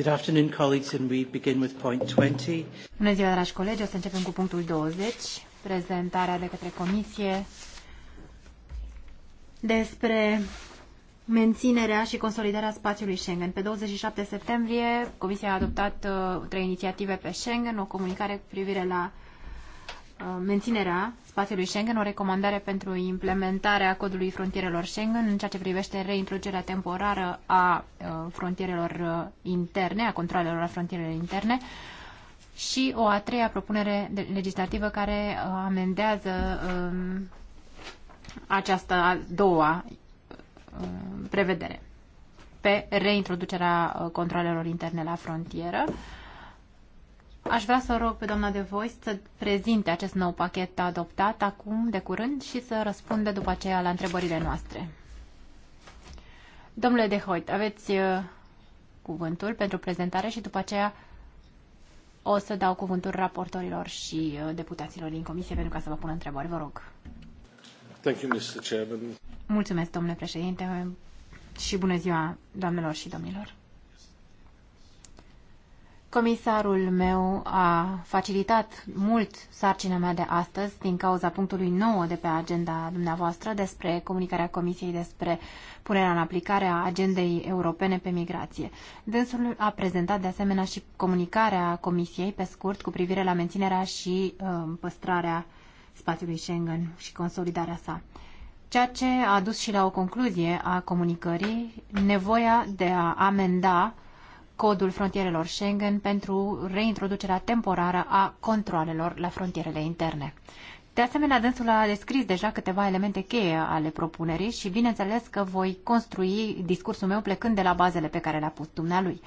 Good afternoon, colleagues, and we begin with point 20. Bună ziua, dragi colegi, o să începem cu punctul 20, prezentarea de către comisie despre menținerea și consolidarea spațiului Schengen. Pe 27 septembrie, Comisia a adoptat uh, trei inițiative pe Schengen, o comunicare cu privire la uh, Uh, menținerea spațiului Schengen, o recomandare pentru implementarea codului frontierelor Schengen în ceea ce privește reintroducerea temporară a uh, frontierelor uh, interne, a controlelor la frontierele interne și o a treia propunere legislativă care amendează um, această a doua um, prevedere pe reintroducerea controlelor interne la frontieră. Aș vrea să rog pe doamna de voi să prezinte acest nou pachet adoptat acum, de curând, și să răspundă după aceea la întrebările noastre. Domnule de Hoyt, aveți uh, cuvântul pentru prezentare și după aceea o să dau cuvântul raportorilor și uh, deputaților din comisie pentru ca să vă pună întrebări. Vă rog. Thank you, Mr. Chairman. Mulțumesc, domnule președinte, și bună ziua, doamnelor și domnilor. Comisarul meu a facilitat mult sarcina mea de astăzi din cauza punctului 9 de pe agenda dumneavoastră despre comunicarea Comisiei despre punerea în aplicare a agendei europene pe migrație. Dânsul a prezentat de asemenea și comunicarea Comisiei pe scurt cu privire la menținerea și uh, păstrarea spațiului Schengen și consolidarea sa ceea ce a dus și la o concluzie a comunicării, nevoia de a amenda codul frontierelor Schengen pentru reintroducerea temporară a controlelor la frontierele interne. De asemenea, dânsul a descris deja câteva elemente cheie ale propunerii și bineînțeles că voi construi discursul meu plecând de la bazele pe care le-a pus dumnealui.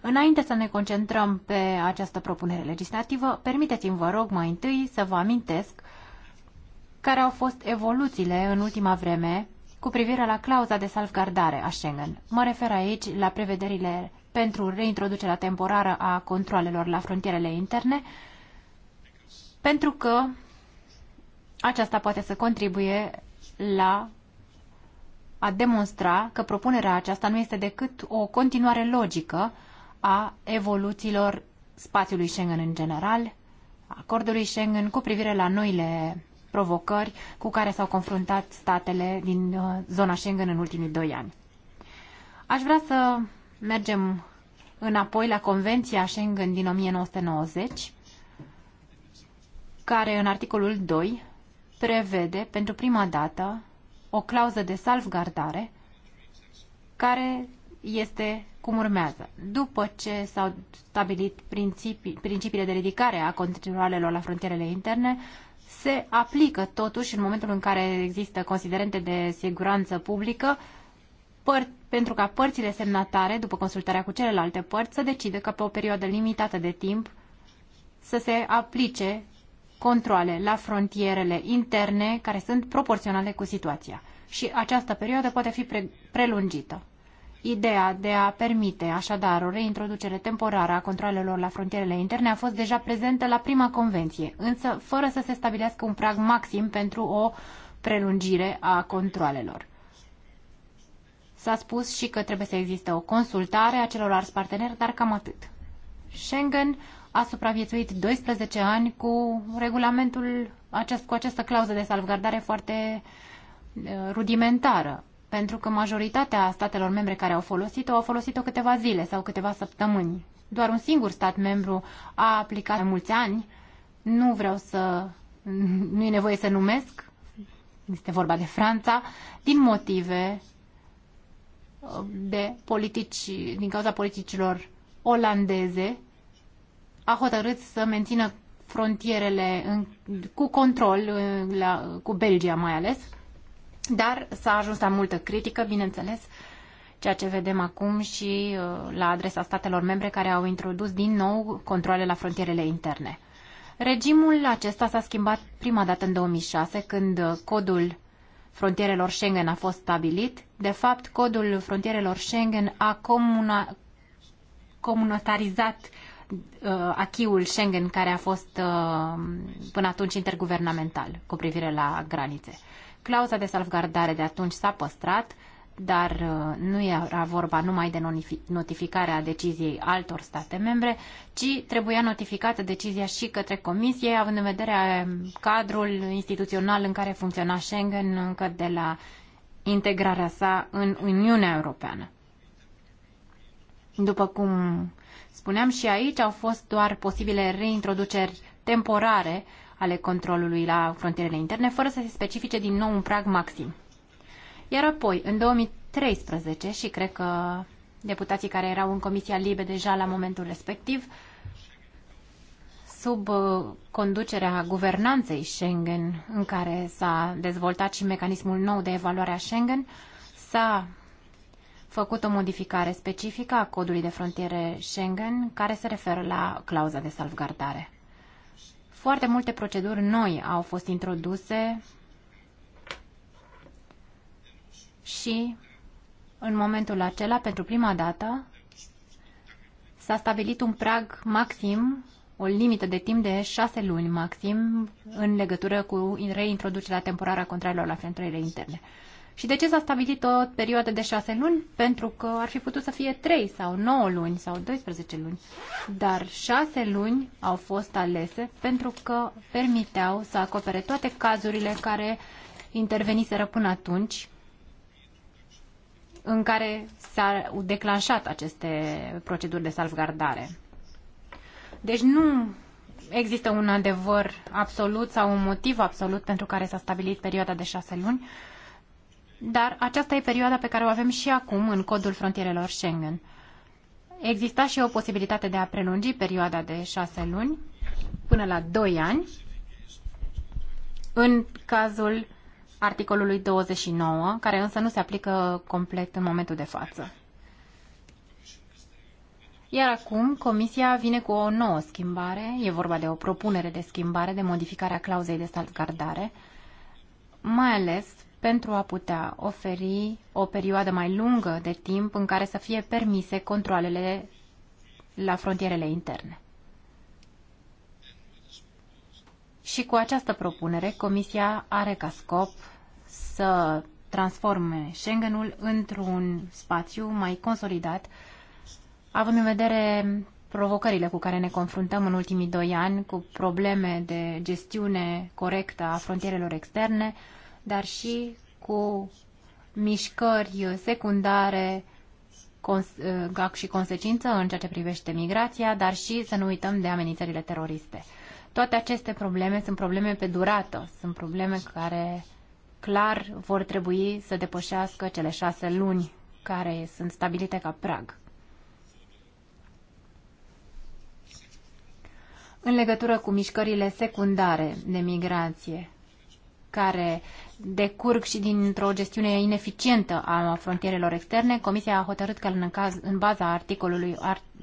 Înainte să ne concentrăm pe această propunere legislativă, permiteți-mi, vă rog, mai întâi să vă amintesc care au fost evoluțiile în ultima vreme cu privire la clauza de salvgardare a Schengen. Mă refer aici la prevederile pentru reintroducerea temporară a controlelor la frontierele interne, pentru că aceasta poate să contribuie la a demonstra că propunerea aceasta nu este decât o continuare logică a evoluțiilor spațiului Schengen în general, acordului Schengen cu privire la noile provocări cu care s-au confruntat statele din uh, zona Schengen în ultimii doi ani. Aș vrea să mergem înapoi la Convenția Schengen din 1990, care în articolul 2 prevede pentru prima dată o clauză de salvgardare care este cum urmează. După ce s-au stabilit principii, principiile de ridicare a controlelor la frontierele interne, se aplică totuși în momentul în care există considerente de siguranță publică pentru ca părțile semnatare, după consultarea cu celelalte părți, să decide că pe o perioadă limitată de timp să se aplice controle la frontierele interne care sunt proporționale cu situația. Și această perioadă poate fi pre- prelungită. Ideea de a permite, așadar, o reintroducere temporară a controlelor la frontierele interne a fost deja prezentă la prima convenție, însă fără să se stabilească un prag maxim pentru o prelungire a controlelor. S-a spus și că trebuie să existe o consultare a celorlalți parteneri, dar cam atât. Schengen a supraviețuit 12 ani cu regulamentul acest, cu această clauză de salvgardare foarte eh, rudimentară pentru că majoritatea statelor membre care au folosit-o au folosit-o câteva zile sau câteva săptămâni. Doar un singur stat membru a aplicat mulți ani. Nu vreau să... nu e nevoie să numesc. Este vorba de Franța, din motive uh, de politici, din cauza politicilor olandeze, a hotărât să mențină frontierele în, cu control, uh, la, cu Belgia mai ales, dar s-a ajuns la multă critică, bineînțeles, ceea ce vedem acum și uh, la adresa statelor membre care au introdus din nou controle la frontierele interne. Regimul acesta s-a schimbat prima dată în 2006, când uh, codul frontierelor Schengen a fost stabilit. De fapt, codul frontierelor Schengen a comuna, comunitarizat uh, achiul Schengen care a fost uh, până atunci interguvernamental cu privire la granițe. Uh, Clauza de salvgardare de atunci s-a păstrat, dar uh, nu era vorba numai de notificarea deciziei altor state membre, ci trebuia notificată decizia și către Comisie, având în vedere um, cadrul instituțional în care funcționa Schengen încă de la integrarea sa în Uniunea Europeană. După cum spuneam și aici, au fost doar posibile reintroduceri temporare ale controlului la frontierele interne, fără să se specifice din nou un prag maxim. Iar apoi, în 2013, și cred că deputații care erau în Comisia Libe deja la momentul respectiv, sub uh, conducerea guvernanței Schengen, în care s-a dezvoltat și mecanismul nou de evaluare a Schengen, s-a făcut o modificare specifică a codului de frontiere Schengen care se referă la clauza de salvgardare. Foarte multe proceduri noi au fost introduse și în momentul acela, pentru prima dată, s-a stabilit un prag maxim, o limită de timp de șase luni maxim, în legătură cu reintroducerea temporară a contrarilor la frontierele interne. Și de ce s-a stabilit o perioadă de șase luni? Pentru că ar fi putut să fie trei sau nouă luni sau 12 luni. Dar șase luni au fost alese pentru că permiteau să acopere toate cazurile care interveniseră până atunci în care s-au declanșat aceste proceduri de salvgardare. Deci nu există un adevăr absolut sau un motiv absolut pentru care s-a stabilit perioada de șase luni, dar aceasta e perioada pe care o avem și acum în codul frontierelor Schengen. Exista și o posibilitate de a prelungi perioada de șase luni până la doi ani în cazul articolului 29, care însă nu se aplică complet în momentul de față. Iar acum Comisia vine cu o nouă schimbare, e vorba de o propunere de schimbare, de modificare a clauzei de salvgardare, mai ales pentru a putea oferi o perioadă mai lungă de timp în care să fie permise controlele la frontierele interne. Și cu această propunere, Comisia are ca scop să transforme Schengenul într-un spațiu mai consolidat, având în vedere provocările cu care ne confruntăm în ultimii doi ani, cu probleme de gestiune corectă a frontierelor externe, dar și cu mișcări secundare ă, și consecință în ceea ce privește migrația, dar și să nu uităm de amenințările teroriste. Toate aceste probleme sunt probleme pe durată, sunt probleme care clar vor trebui să depășească cele șase luni care sunt stabilite ca prag. În legătură cu mișcările secundare de migrație, care decurg și dintr-o gestiune ineficientă a frontierelor externe, Comisia a hotărât că în, caz, în baza articolului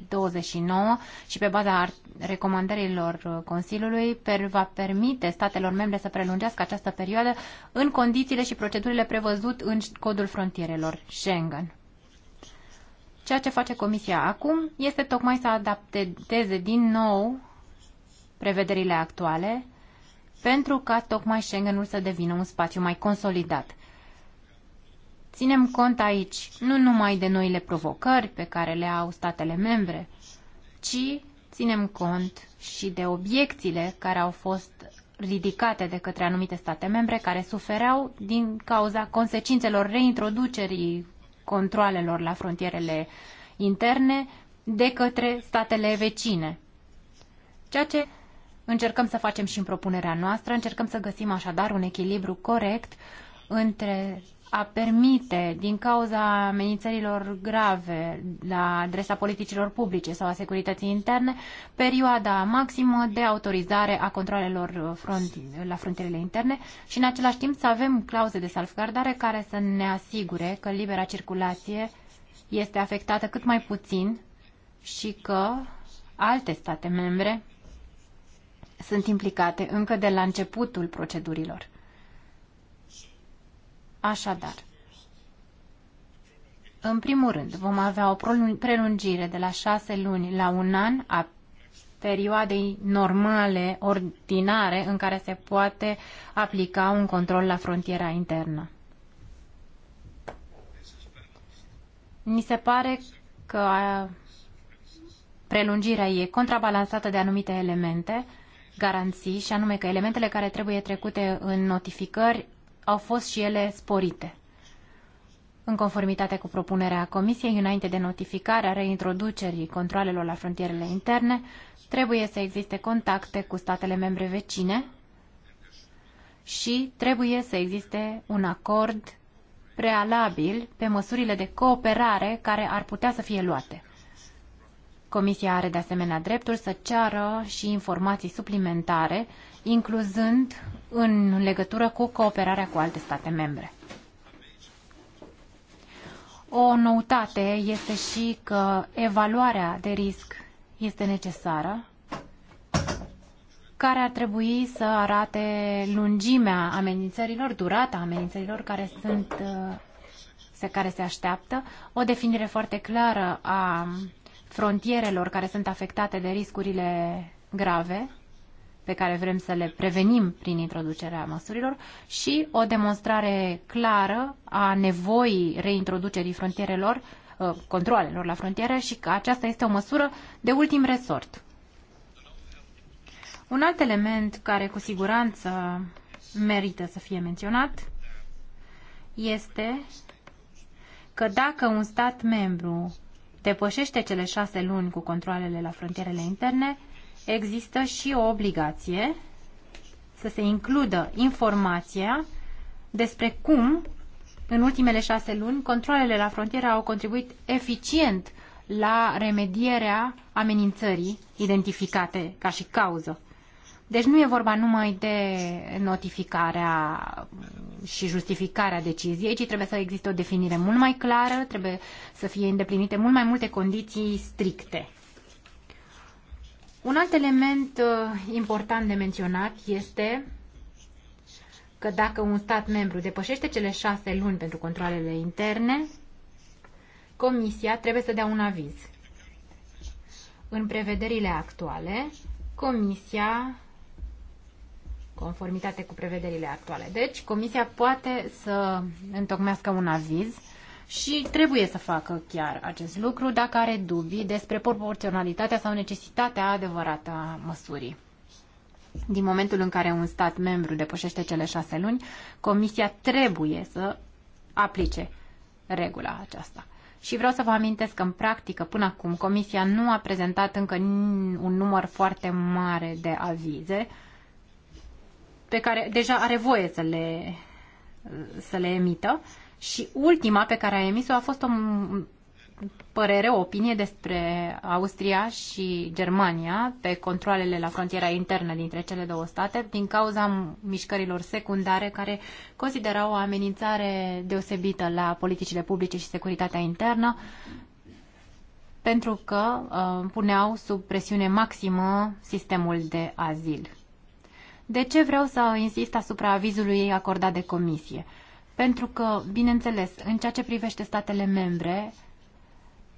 29 și pe baza recomandărilor uh, Consiliului per, va permite statelor membre să prelungească această perioadă în condițiile și procedurile prevăzut în codul frontierelor Schengen. Ceea ce face Comisia acum este tocmai să adapteze din nou prevederile actuale pentru ca tocmai Schengenul să devină un spațiu mai consolidat. Ținem cont aici nu numai de noile provocări pe care le au statele membre, ci ținem cont și de obiecțiile care au fost ridicate de către anumite state membre care sufereau din cauza consecințelor reintroducerii controalelor la frontierele interne de către statele vecine. Ceea ce Încercăm să facem și în propunerea noastră, încercăm să găsim așadar un echilibru corect între a permite, din cauza amenințărilor grave la adresa politicilor publice sau a securității interne, perioada maximă de autorizare a controlelor front, la frontierele interne și, în același timp, să avem clauze de salvgardare care să ne asigure că libera circulație este afectată cât mai puțin și că alte state membre sunt implicate încă de la începutul procedurilor. Așadar, în primul rând, vom avea o prelungire de la șase luni la un an a perioadei normale, ordinare, în care se poate aplica un control la frontiera internă. Ni se pare că prelungirea e contrabalansată de anumite elemente, garanții, și anume că elementele care trebuie trecute în notificări au fost și ele sporite. În conformitate cu propunerea Comisiei, înainte de notificarea reintroducerii controalelor la frontierele interne, trebuie să existe contacte cu statele membre vecine și trebuie să existe un acord prealabil pe măsurile de cooperare care ar putea să fie luate. Comisia are de asemenea dreptul să ceară și informații suplimentare, incluzând în legătură cu cooperarea cu alte state membre. O noutate este și că evaluarea de risc este necesară, care ar trebui să arate lungimea amenințărilor, durata amenințărilor care sunt uh, se, care se așteaptă, o definire foarte clară a frontierelor care sunt afectate de riscurile grave pe care vrem să le prevenim prin introducerea măsurilor și o demonstrare clară a nevoii reintroducerii frontierelor, uh, controlelor la frontiere și că aceasta este o măsură de ultim resort. Un alt element care cu siguranță merită să fie menționat este că dacă un stat membru depășește cele șase luni cu controlele la frontierele interne, există și o obligație să se includă informația despre cum, în ultimele șase luni, controlele la frontieră au contribuit eficient la remedierea amenințării identificate ca și cauză. Deci nu e vorba numai de notificarea și justificarea deciziei, ci trebuie să existe o definire mult mai clară, trebuie să fie îndeplinite mult mai multe condiții stricte. Un alt element uh, important de menționat este că dacă un stat membru depășește cele șase luni pentru controlele interne, Comisia trebuie să dea un aviz. În prevederile actuale, Comisia conformitate cu prevederile actuale. Deci, Comisia poate să întocmească un aviz și trebuie să facă chiar acest lucru dacă are dubii despre proporționalitatea sau necesitatea adevărată a măsurii. Din momentul în care un stat membru depășește cele șase luni, Comisia trebuie să aplice regula aceasta. Și vreau să vă amintesc că, în practică, până acum, Comisia nu a prezentat încă un număr foarte mare de avize, pe care deja are voie să le, să le emită. Și ultima pe care a emis-o a fost o părere, o opinie despre Austria și Germania pe controlele la frontiera internă dintre cele două state din cauza mișcărilor secundare care considerau o amenințare deosebită la politicile publice și securitatea internă pentru că uh, puneau sub presiune maximă sistemul de azil. De ce vreau să insist asupra avizului ei acordat de comisie? Pentru că, bineînțeles, în ceea ce privește statele membre,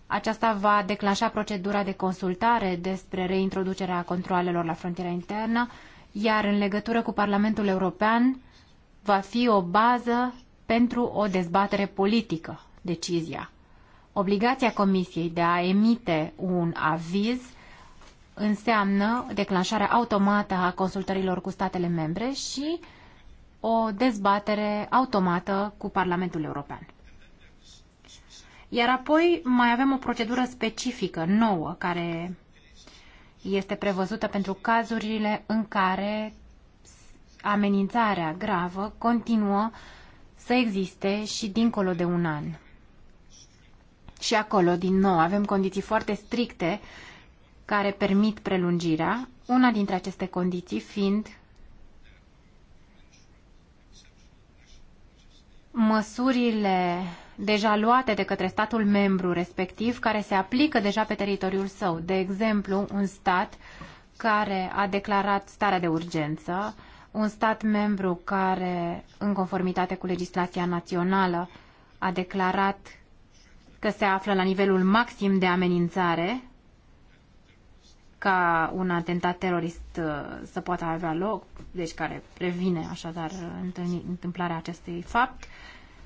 aceasta va declanșa procedura de consultare despre reintroducerea controalelor la frontiera internă, iar în legătură cu Parlamentul European va fi o bază pentru o dezbatere politică, decizia. Obligația Comisiei de a emite un aviz înseamnă declanșarea automată a consultărilor cu statele membre și o dezbatere automată cu Parlamentul European. Iar apoi mai avem o procedură specifică, nouă, care este prevăzută pentru cazurile în care amenințarea gravă continuă să existe și dincolo de un an. Și acolo, din nou, avem condiții foarte stricte uh, care permit prelungirea, una dintre aceste condiții fiind măsurile deja luate de către statul membru respectiv care se aplică deja pe teritoriul său. De exemplu, un stat care a declarat starea de urgență, un stat membru care, în conformitate cu legislația națională, a declarat că se află la nivelul maxim de amenințare ca un atentat terorist uh, să poată avea loc, deci care previne așadar uh, întâmplarea acestui fapt.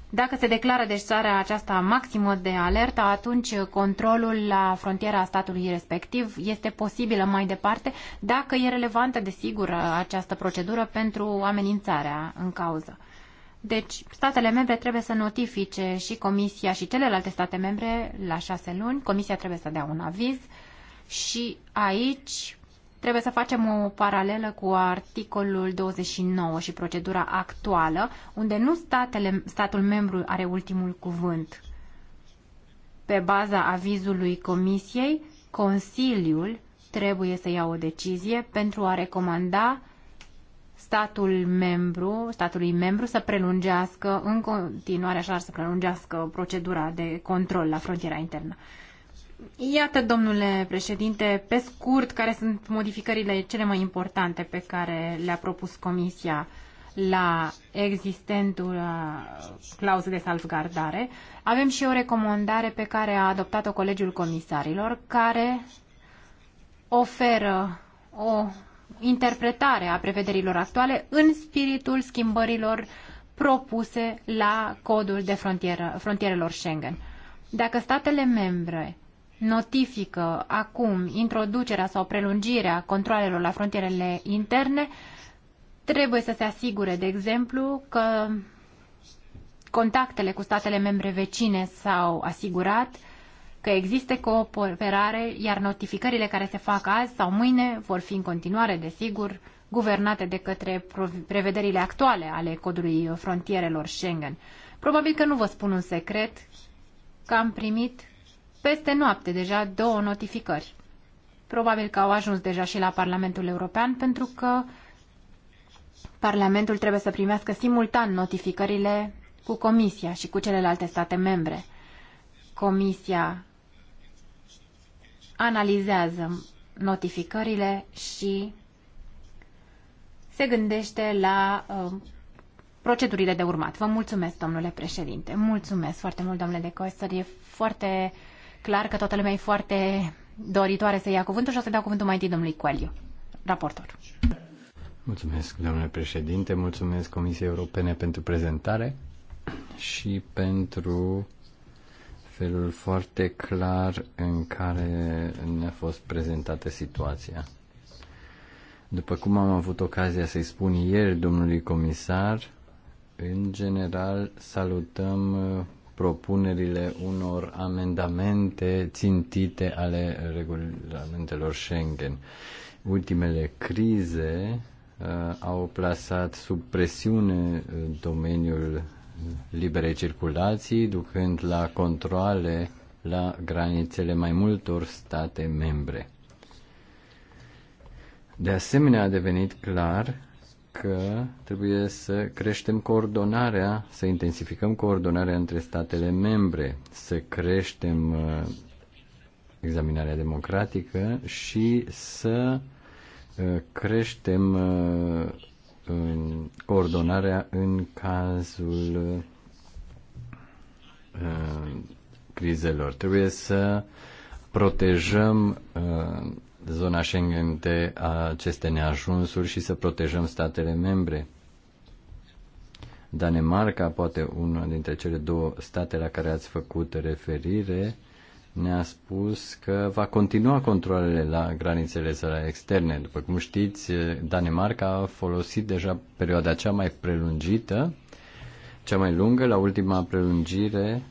Dacă se declară deci țara aceasta maximă de alertă, atunci uh, controlul la frontiera statului respectiv este posibilă mai departe, dacă e relevantă, desigur, această procedură pentru amenințarea în cauză. Deci, statele membre trebuie să notifice și Comisia și celelalte state membre la șase luni. Comisia trebuie să dea un aviz și aici trebuie să facem o paralelă cu articolul 29 și procedura actuală, unde nu statele, statul membru are ultimul cuvânt. Pe baza avizului Comisiei, Consiliul trebuie să ia o decizie pentru a recomanda statul membru, statului membru să prelungească în continuare, așa să prelungească procedura de control la frontiera internă. Iată, domnule președinte, pe scurt, care sunt modificările cele mai importante pe care le-a propus Comisia la existentul uh, clauze de salvgardare. Avem și o recomandare pe care a adoptat-o Colegiul Comisarilor, care oferă o interpretare a prevederilor actuale în spiritul schimbărilor propuse la codul de frontieră, frontierelor Schengen. Dacă statele membre notifică acum introducerea sau prelungirea controalelor la frontierele interne, trebuie să se asigure, de exemplu, că contactele cu statele membre vecine s-au asigurat, că există cooperare, iar notificările care se fac azi sau mâine vor fi în continuare, desigur, guvernate de către prevederile actuale ale codului frontierelor Schengen. Probabil că nu vă spun un secret că am primit peste noapte deja două notificări. Probabil că au ajuns deja și la Parlamentul European pentru că Parlamentul trebuie să primească simultan notificările cu Comisia și cu celelalte state membre. Comisia analizează notificările și se gândește la uh, procedurile de urmat. Vă mulțumesc, domnule președinte. Mulțumesc foarte mult, domnule de Coester. E foarte clar că toată lumea e foarte doritoare să ia cuvântul și o să dau cuvântul mai întâi domnului Coeliu, raportor. Mulțumesc, domnule președinte, mulțumesc Comisiei Europene pentru prezentare și pentru felul foarte clar în care ne-a fost prezentată situația. După cum am avut ocazia să-i spun ieri domnului comisar, în general salutăm propunerile unor amendamente țintite ale regulamentelor Schengen. Ultimele crize uh, au plasat sub presiune uh, domeniul liberei circulații, ducând la controle la granițele mai multor state membre. De asemenea, a devenit clar că trebuie să creștem coordonarea, să intensificăm coordonarea între statele membre, să creștem uh, examinarea democratică și să uh, creștem uh, coordonarea în cazul crizelor. Trebuie să protejăm zona Schengen de aceste neajunsuri și să protejăm statele membre. Danemarca, poate una dintre cele două state la care ați făcut referire, ne-a spus că va continua controlele la granițele sale externe. După cum știți, Danemarca a folosit deja perioada cea mai prelungită, cea mai lungă, la ultima prelungire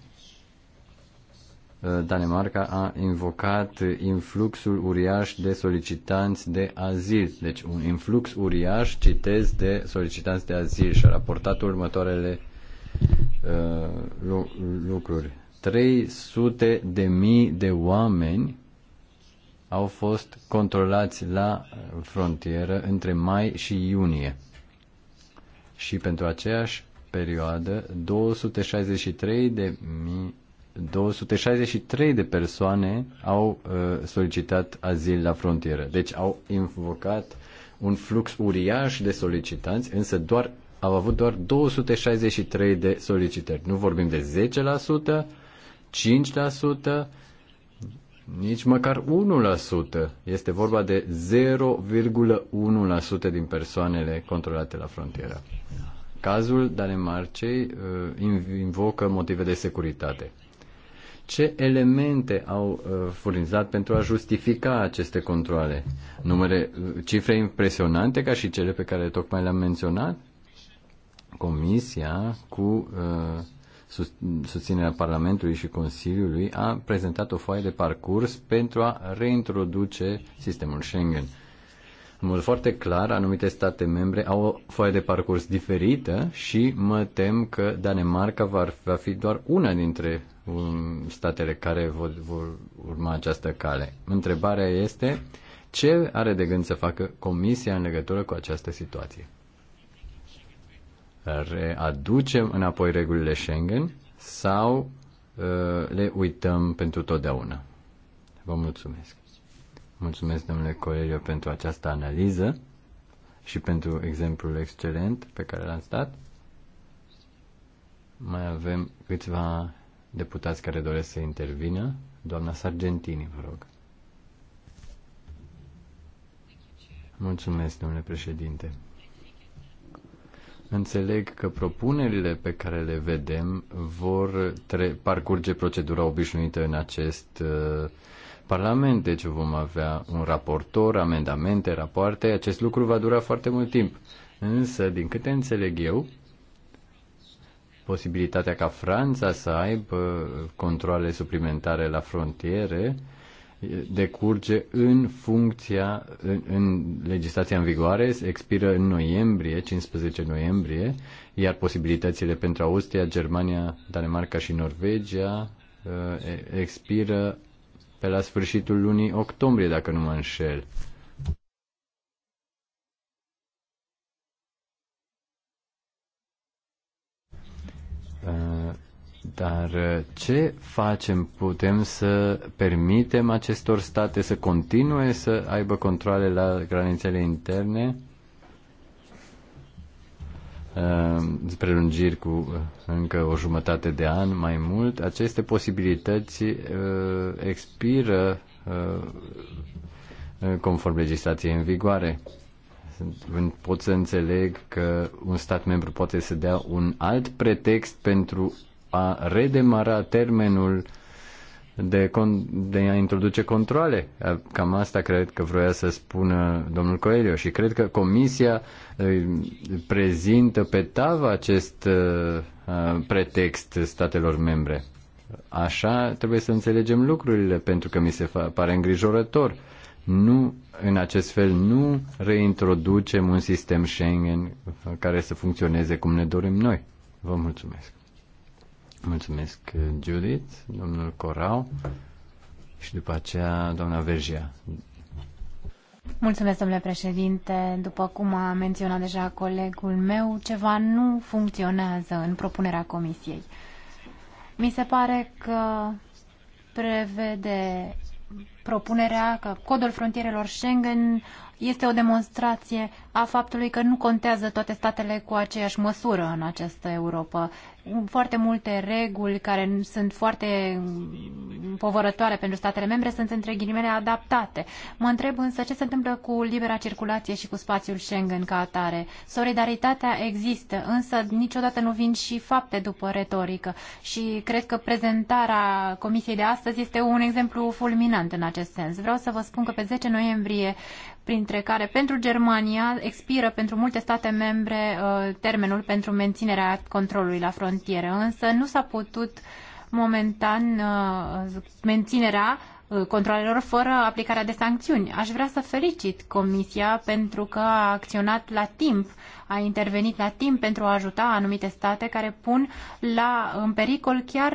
Uh, Danemarca a invocat influxul uriaș de solicitanți de azil. Deci un influx uriaș, citez, de solicitanți de azil și a raportat următoarele uh, lucruri. 300 de mii de oameni au fost controlați la frontieră între mai și iunie. Și pentru aceeași perioadă, 263 de mii 263 de persoane au uh, solicitat azil la frontieră. Deci au invocat un flux uriaș de solicitanți, însă doar au avut doar 263 de solicitări. Nu vorbim de 10%, 5%, nici măcar 1%. Este vorba de 0,1% din persoanele controlate la frontieră. Cazul Danemarcei uh, invocă motive de securitate ce elemente au uh, furnizat pentru a justifica aceste controle? Numere, uh, cifre impresionante ca și cele pe care tocmai le-am menționat? Comisia, cu uh, susținerea Parlamentului și Consiliului, a prezentat o foaie de parcurs pentru a reintroduce sistemul Schengen. În mod foarte clar, anumite state membre au o foaie de parcurs diferită și mă tem că Danemarca va fi doar una dintre statele care vor, vor urma această cale. Întrebarea este ce are de gând să facă Comisia în legătură cu această situație? Readucem înapoi regulile Schengen sau uh, le uităm pentru totdeauna? Vă mulțumesc. Mulțumesc, domnule Coelio, pentru această analiză și pentru exemplul excelent pe care l-am stat. Mai avem câțiva deputați care doresc să intervină. Doamna Sargentini, vă rog. Mulțumesc, domnule președinte. Înțeleg că propunerile pe care le vedem vor parcurge procedura obișnuită în acest uh, Parlament, deci vom avea un raportor, amendamente, rapoarte. Acest lucru va dura foarte mult timp. Însă, din câte înțeleg eu, posibilitatea ca Franța să aibă controle suplimentare la frontiere decurge în funcția, în, în legislația în vigoare, expiră în noiembrie, 15 noiembrie, iar posibilitățile pentru Austria, Germania, Danemarca și Norvegia uh, expiră pe la sfârșitul lunii octombrie, dacă nu mă înșel. Dar uh, ce facem? Putem să permitem acestor state să continue să aibă controle la granițele interne? Uh, prelungiri cu uh, încă o jumătate de an, mai mult, aceste posibilități expiră conform legislației în vigoare. Pot să înțeleg că un stat membru poate să dea un alt pretext pentru a redemara termenul de, con- de a introduce controle. Cam asta cred că vroia să spună domnul Coelho și cred că comisia prezintă pe tavă acest pretext statelor membre. Așa trebuie să înțelegem lucrurile, pentru că mi se pare îngrijorător. Nu, în acest fel nu reintroducem un sistem Schengen care să funcționeze cum ne dorim noi. Vă mulțumesc. Mulțumesc, Judith, domnul Corau și după aceea doamna Vergia. Mulțumesc, domnule președinte. După cum a menționat deja colegul meu, ceva nu funcționează în propunerea comisiei. Mi se pare că prevede propunerea că codul frontierelor Schengen este o demonstrație a faptului că nu contează toate statele cu aceeași măsură în această Europa. Foarte multe reguli care sunt foarte povărătoare pentru statele membre sunt între ghilimele adaptate. Mă întreb însă ce se întâmplă cu libera circulație și cu spațiul Schengen ca atare. Solidaritatea există, însă niciodată nu vin și fapte după retorică și cred că prezentarea Comisiei de astăzi este un exemplu fulminant în acest sens. Vreau să vă spun că pe 10 noiembrie printre care pentru Germania expiră pentru multe state membre uh, termenul pentru menținerea controlului la frontieră, însă nu s-a putut momentan uh, menținerea uh, controlelor fără aplicarea de sancțiuni. Aș vrea să felicit Comisia pentru că a acționat la timp, a intervenit la timp pentru a ajuta anumite state care pun la, în pericol chiar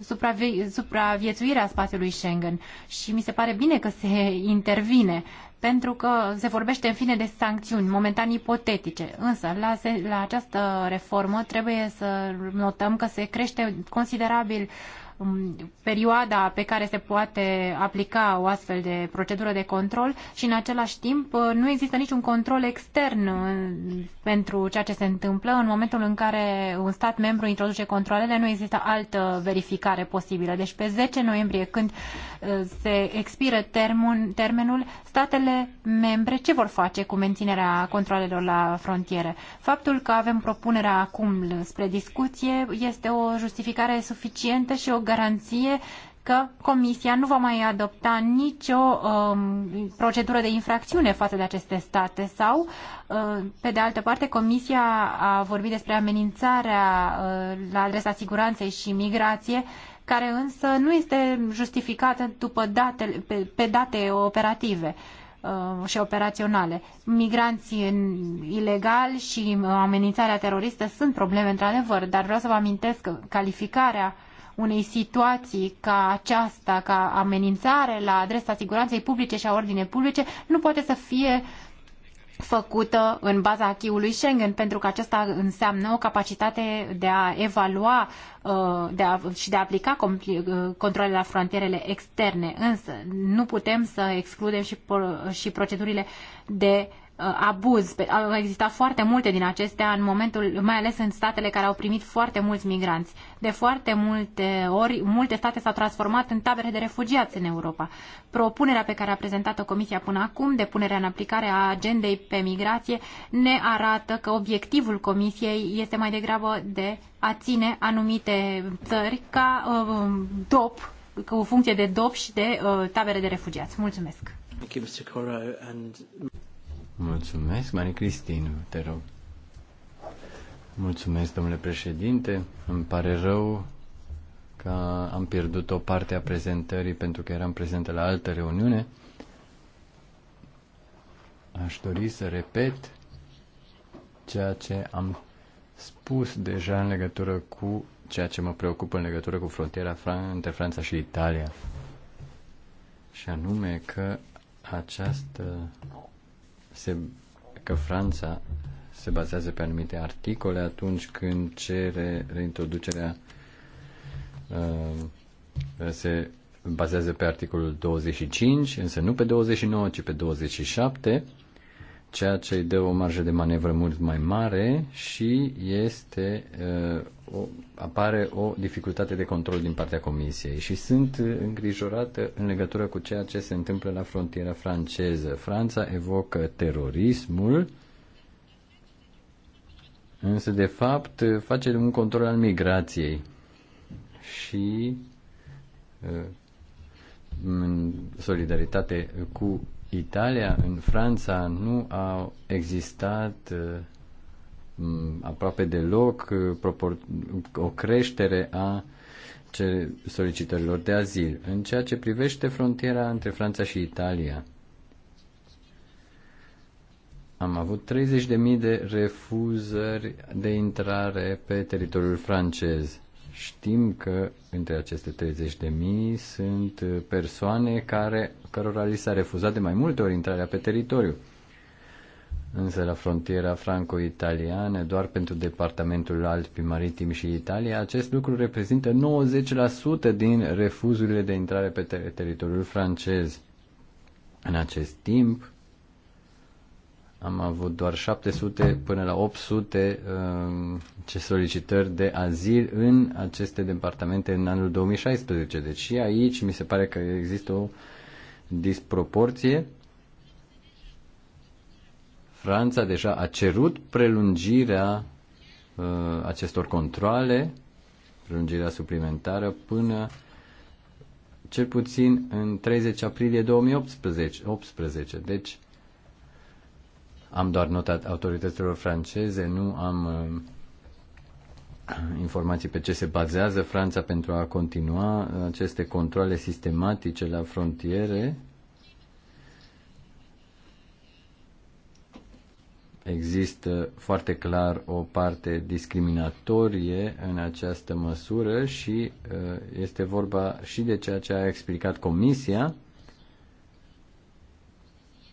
supravie, supraviețuirea spațiului Schengen. Și mi se pare bine că se intervine pentru că se vorbește în fine de sancțiuni, momentan ipotetice. Însă, la, se, la această reformă trebuie să notăm că se crește considerabil uh, Um, perioada pe care se poate aplica o astfel de procedură de control și în același timp uh, nu există niciun control extern uh, pentru ceea ce se întâmplă. În momentul în care un stat membru introduce controlele, nu există altă verificare posibilă. Deci pe 10 noiembrie, când uh, se expiră termen, termenul, statele membre ce vor face cu menținerea controlelor la frontiere? Faptul că avem propunerea acum spre discuție este o justificare suficientă și o garanție că Comisia nu va mai adopta nicio um, procedură de infracțiune față de aceste state sau, uh, pe de altă parte, Comisia a vorbit despre amenințarea uh, la adresa siguranței și migrație, care însă nu este justificată după date pe, pe date operative uh, și operaționale. Migranții ilegali și uh, amenințarea teroristă sunt probleme într-adevăr, dar vreau să vă amintesc că calificarea unei situații ca aceasta, ca amenințare la adresa siguranței publice și a ordinei publice, nu poate să fie făcută în baza achiului Schengen, pentru că aceasta înseamnă o capacitate de a evalua uh, de a, și de a aplica uh, controlele la frontierele externe. Însă nu putem să excludem și, și procedurile de uh, Uh, abuz. Au existat foarte multe din acestea în momentul, mai ales în statele care au primit foarte mulți migranți. De foarte multe ori, multe state s-au transformat în tabere de refugiați în Europa. Propunerea pe care a prezentat-o Comisia până acum, de punere în aplicare a agendei pe migrație, ne arată că obiectivul Comisiei este mai degrabă de a ține anumite țări ca uh, dop, cu funcție de dop și de uh, tabere de refugiați. Mulțumesc! Thank you, Mr. Coro, and... Mulțumesc, Mari Cristin, te rog. Mulțumesc, domnule președinte. Îmi pare rău că am pierdut o parte a prezentării pentru că eram prezentă la altă reuniune. Aș dori să repet ceea ce am spus deja în legătură cu ceea ce mă preocupă în legătură cu frontiera Fran- între Franța și Italia. Și anume că această se, că Franța se bazează pe anumite articole atunci când cere reintroducerea uh, se bazează pe articolul 25, însă nu pe 29, ci pe 27 ceea ce îi dă o marjă de manevră mult mai mare și este, uh, o, apare o dificultate de control din partea Comisiei. Și sunt îngrijorată în legătură cu ceea ce se întâmplă la frontiera franceză. Franța evocă terorismul, însă de fapt face un control al migrației. Și uh, în solidaritate cu Italia, în Franța, nu au existat uh, aproape deloc uh, o creștere a solicitărilor de azil. În ceea ce privește frontiera între Franța și Italia, am avut 30.000 de refuzări de intrare pe teritoriul francez. Știm că între aceste 30 de mii sunt persoane care, cărora li s-a refuzat de mai multe ori intrarea pe teritoriu. Însă la frontiera franco-italiană, doar pentru departamentul Alpi Maritim și Italia, acest lucru reprezintă 90% din refuzurile de intrare pe ter- teritoriul francez. În acest timp, am avut doar 700 până la 800 um, ce solicitări de azil în aceste departamente în anul 2016. Deci și aici mi se pare că există o disproporție. Franța deja a cerut prelungirea uh, acestor controle, prelungirea suplimentară până cel puțin în 30 aprilie 2018. 18. Deci am doar notat autorităților franceze, nu am uh, informații pe ce se bazează Franța pentru a continua aceste controle sistematice la frontiere. Există foarte clar o parte discriminatorie în această măsură și uh, este vorba și de ceea ce a explicat Comisia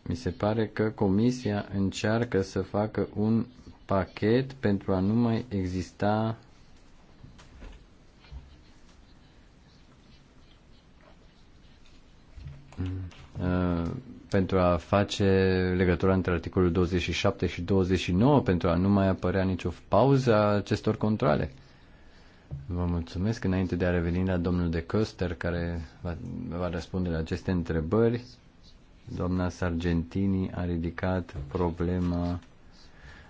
mi se pare că Comisia încearcă să facă un pachet pentru a nu mai exista mm. uh, pentru a face legătura între articolul 27 și 29, pentru a nu mai apărea nicio pauză a acestor controle. Vă mulțumesc înainte de a reveni la domnul de Coster care va, va răspunde la aceste întrebări doamna Sargentini a ridicat problema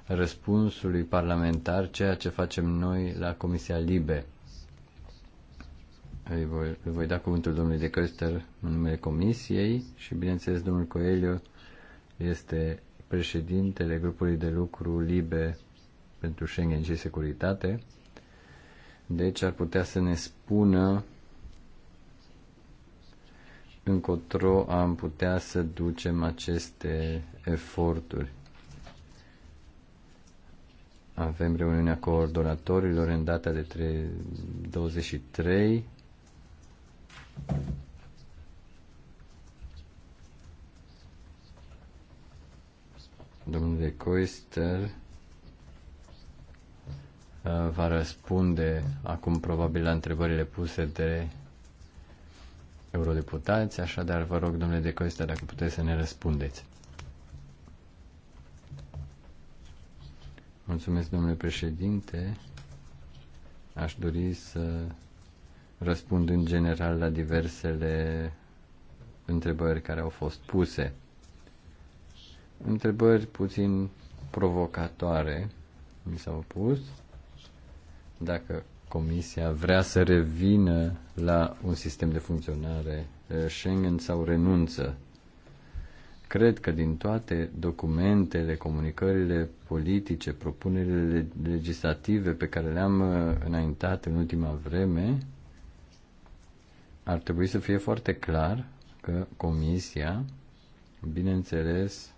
răspunsului parlamentar, ceea ce facem noi la Comisia Libe. Îi voi, îi voi da cuvântul domnului de Căster în numele Comisiei și, bineînțeles, domnul Coelho este președintele grupului de lucru Libe pentru Schengen și Securitate. Deci ar putea să ne spună încotro am putea să ducem aceste eforturi. Avem reuniunea coordonatorilor în data de 3, 23 Domnule Coister va răspunde acum probabil la întrebările puse de eurodeputați, așadar vă rog, domnule De Costa, dacă puteți să ne răspundeți. Mulțumesc, domnule președinte. Aș dori să răspund în general la diversele întrebări care au fost puse. Întrebări puțin provocatoare mi s-au pus. Dacă Comisia vrea să revină la un sistem de funcționare eh, Schengen sau renunță. Cred că din toate documentele, comunicările politice, propunerile legislative pe care le-am eh, înaintat în ultima vreme, ar trebui să fie foarte clar că Comisia, bineînțeles,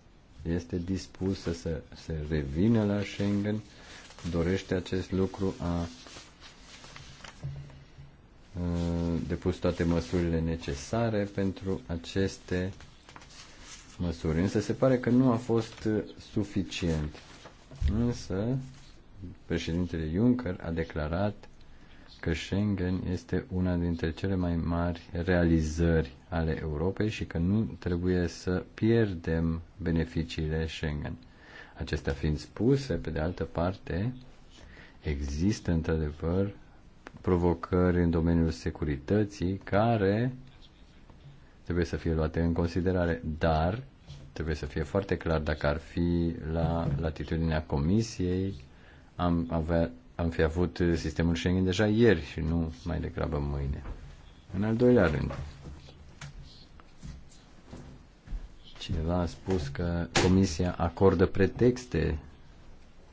este dispusă să se revină la Schengen, dorește acest lucru, a Mm, depus toate măsurile necesare pentru aceste măsuri. Însă se pare că nu a fost uh, suficient. Însă președintele Juncker a declarat că Schengen este una dintre cele mai mari realizări ale Europei și că nu trebuie să pierdem beneficiile Schengen. Acestea fiind spuse, pe de altă parte, există într-adevăr provocări în domeniul securității care trebuie să fie luate în considerare, dar trebuie să fie foarte clar dacă ar fi la latitudinea comisiei, am, avea, am fi avut sistemul Schengen deja ieri și nu mai degrabă mâine. În al doilea rând, cineva a spus că comisia acordă pretexte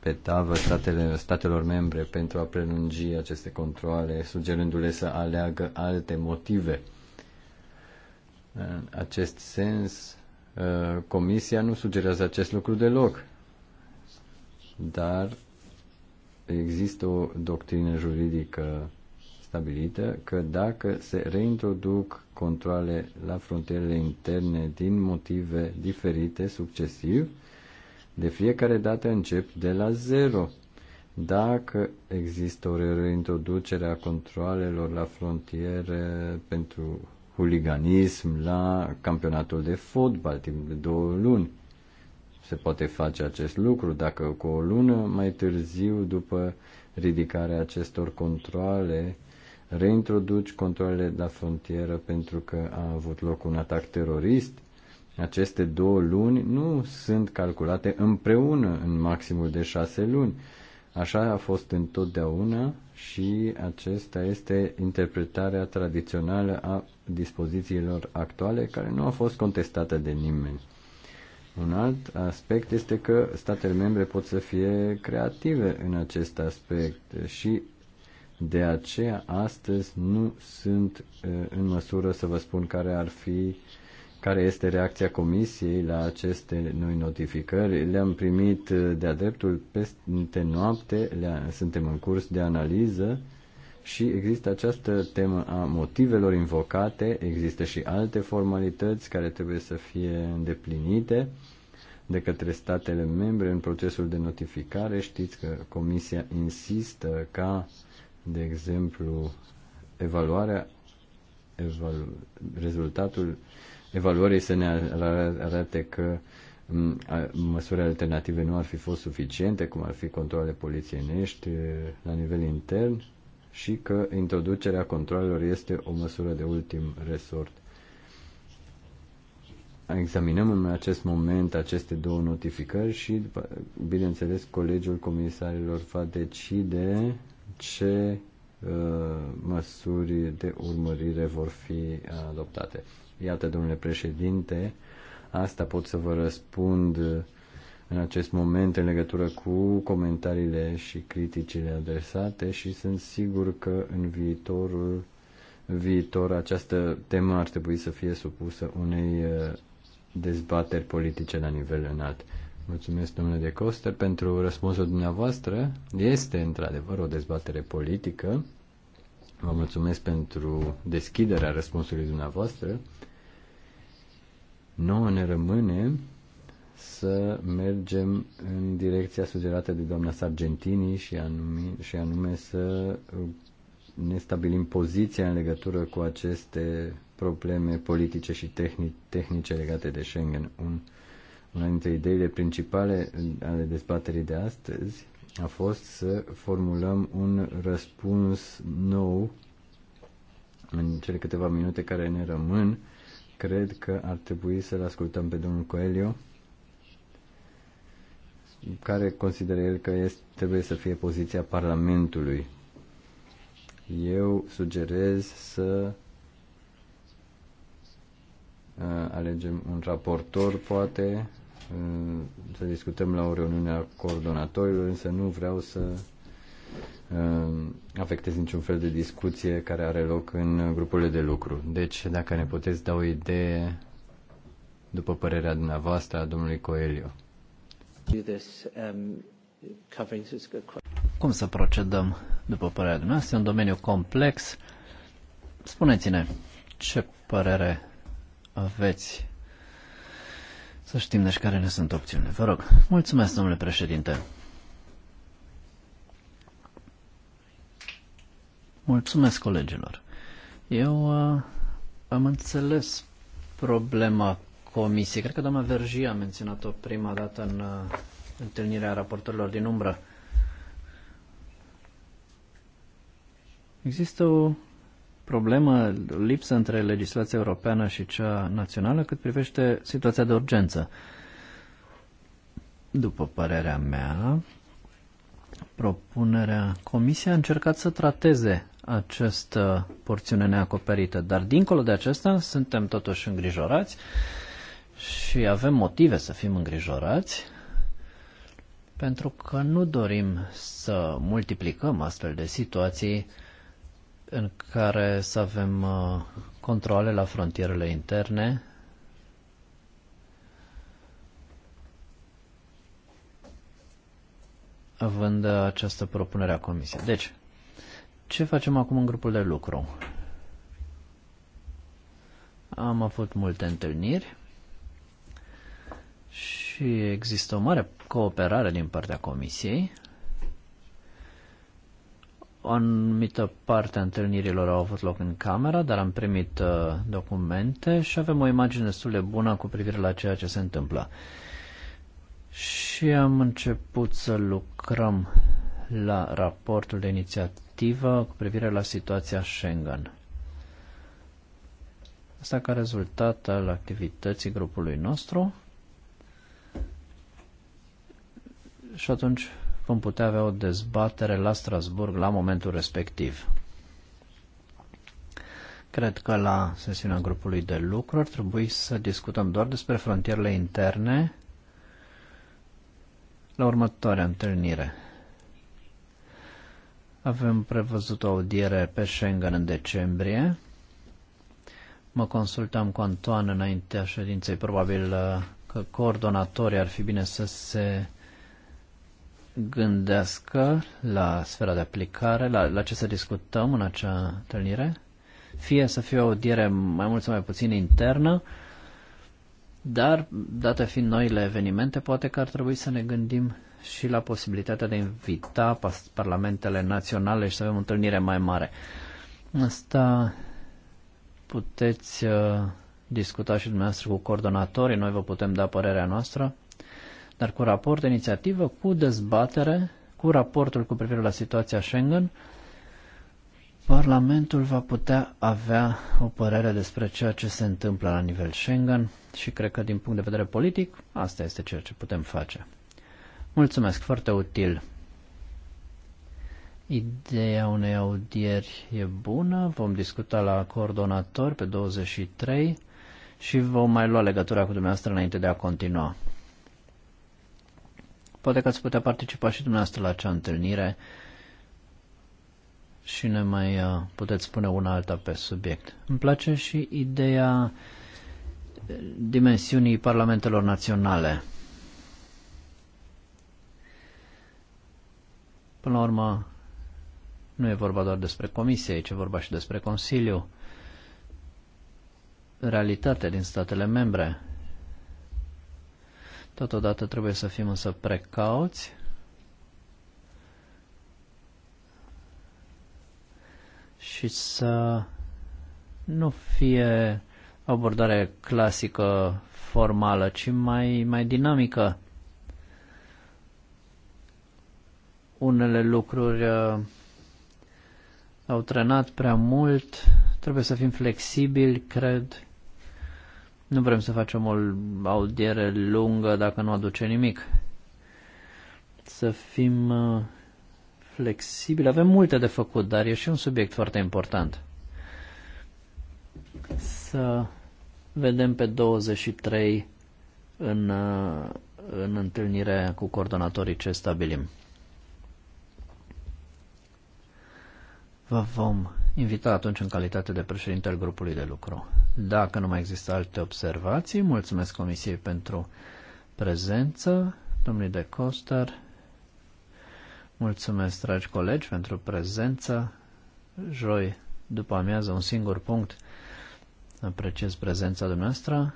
pe tavă statele, statelor membre pentru a prelungi aceste controle, sugerându-le să aleagă alte motive. În acest sens, uh, Comisia nu sugerează acest lucru deloc, dar există o doctrină juridică stabilită că dacă se reintroduc controle la frontierele interne din motive diferite succesiv, de fiecare dată încep de la zero. Dacă există o reintroducere a controalelor la frontiere pentru huliganism la campionatul de fotbal timp de două luni, se poate face acest lucru. Dacă cu o lună mai târziu, după ridicarea acestor controle, reintroduci controlele la frontieră pentru că a avut loc un atac terorist, aceste două luni nu sunt calculate împreună în maximul de șase luni. Așa a fost întotdeauna și acesta este interpretarea tradițională a dispozițiilor actuale care nu a fost contestată de nimeni. Un alt aspect este că statele membre pot să fie creative în acest aspect și de aceea astăzi nu sunt uh, în măsură să vă spun care ar fi care este reacția Comisiei la aceste noi notificări. Le-am primit uh, de-a dreptul peste noapte, le suntem în curs de analiză și există această temă a motivelor invocate, există și alte formalități care trebuie să fie îndeplinite de către statele membre în procesul de notificare. Știți că Comisia insistă ca, de exemplu, evaluarea, evalu, rezultatul evaluării să ne arate că măsuri alternative nu ar fi fost suficiente, cum ar fi controle polițienești la nivel intern și că introducerea controlelor este o măsură de ultim resort. Examinăm în acest moment aceste două notificări și, bineînțeles, Colegiul Comisarilor va decide ce măsuri de urmărire vor fi adoptate. Iată, domnule președinte, asta pot să vă răspund în acest moment în legătură cu comentariile și criticile adresate și sunt sigur că în viitorul viitor această temă ar trebui să fie supusă unei uh, dezbateri politice la nivel înalt. Mulțumesc, domnule de Coster, pentru răspunsul dumneavoastră. Este, într-adevăr, o dezbatere politică. Vă mulțumesc pentru deschiderea răspunsului dumneavoastră Nouă ne rămâne să mergem în direcția sugerată de doamna Sargentini și anume, și anume să ne stabilim poziția în legătură cu aceste probleme politice și tehnic, tehnice legate de Schengen. Un, una dintre ideile principale ale dezbaterii de astăzi a fost să formulăm un răspuns nou în cele câteva minute care ne rămân cred că ar trebui să-l ascultăm pe domnul Coelio, care consideră el că este, trebuie să fie poziția Parlamentului. Eu sugerez să uh, alegem un raportor, poate, uh, să discutăm la o reuniune a coordonatorilor, însă nu vreau să Uh, afectez niciun fel de discuție care are loc în grupurile de lucru. Deci, dacă ne puteți da o idee, după părerea dumneavoastră, a domnului Coelio. Um, Cum să procedăm, după părerea dumneavoastră? E un domeniu complex. Spuneți-ne, ce părere aveți să știm deci care ne sunt opțiunile. Vă rog. Mulțumesc, domnule președinte. Mulțumesc colegilor. Eu uh, am înțeles problema comisiei. Cred că doamna Vergie a menționat-o prima dată în uh, întâlnirea raportorilor din umbră. Există o problemă, lipsă între legislația europeană și cea națională cât privește situația de urgență. După părerea mea, propunerea Comisia a încercat să trateze această porțiune neacoperită. Dar dincolo de acesta suntem totuși îngrijorați și avem motive să fim îngrijorați pentru că nu dorim să multiplicăm astfel de situații în care să avem uh, controle la frontierele interne. având uh, această propunere a Comisiei. Deci, ce facem acum în grupul de lucru? Am avut multe întâlniri și există o mare cooperare din partea comisiei. O anumită parte a întâlnirilor au avut loc în camera, dar am primit uh, documente și avem o imagine destul de bună cu privire la ceea ce se întâmplă. Și am început să lucrăm la raportul de inițiativă pozitivă cu privire la situația Schengen. Asta ca rezultat al activității grupului nostru și atunci vom putea avea o dezbatere la Strasburg la momentul respectiv. Cred că la sesiunea grupului de lucru ar trebui să discutăm doar despre frontierele interne la următoarea întâlnire. Avem prevăzut o audiere pe Schengen în decembrie. Mă consultam cu Antoan înaintea ședinței. Probabil uh, că coordonatorii ar fi bine să se gândească la sfera de aplicare, la, la ce să discutăm în acea întâlnire. Fie să fie o audiere mai mult sau mai puțin internă, dar, date fiind noile evenimente, poate că ar trebui să ne gândim și la posibilitatea de a invita parlamentele naționale și să avem o întâlnire mai mare. Asta puteți uh, discuta și dumneavoastră cu coordonatorii, noi vă putem da părerea noastră, dar cu raport de inițiativă, cu dezbatere, cu raportul cu privire la situația Schengen, Parlamentul va putea avea o părere despre ceea ce se întâmplă la nivel Schengen și cred că din punct de vedere politic asta este ceea ce putem face. Mulțumesc, foarte util. Ideea unei audieri e bună, vom discuta la coordonator pe 23 și vom mai lua legătura cu dumneavoastră înainte de a continua. Poate că ați putea participa și dumneavoastră la acea întâlnire și ne mai uh, puteți spune una alta pe subiect. Îmi place și ideea uh, dimensiunii parlamentelor naționale. Până la urmă, nu e vorba doar despre comisie, aici e vorba și despre Consiliu. Realitatea din statele membre. Totodată trebuie să fim însă precauți și să nu fie abordare clasică, formală, ci mai, mai dinamică. unele lucruri uh, au trenat prea mult, trebuie să fim flexibili, cred. Nu vrem să facem o audiere lungă dacă nu aduce nimic. Să fim uh, flexibili. Avem multe de făcut, dar e și un subiect foarte important. Să vedem pe 23 în, uh, în întâlnirea cu coordonatorii ce stabilim. Vă vom invita atunci în calitate de președinte al grupului de lucru. Dacă nu mai există alte observații, mulțumesc Comisiei pentru prezență, domnului de Coster, mulțumesc, dragi colegi, pentru prezență. Joi, după amiază, un singur punct, apreciez prezența dumneavoastră.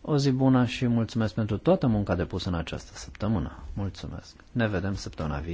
O zi bună și mulțumesc pentru toată munca depusă în această săptămână. Mulțumesc. Ne vedem săptămâna viitoare.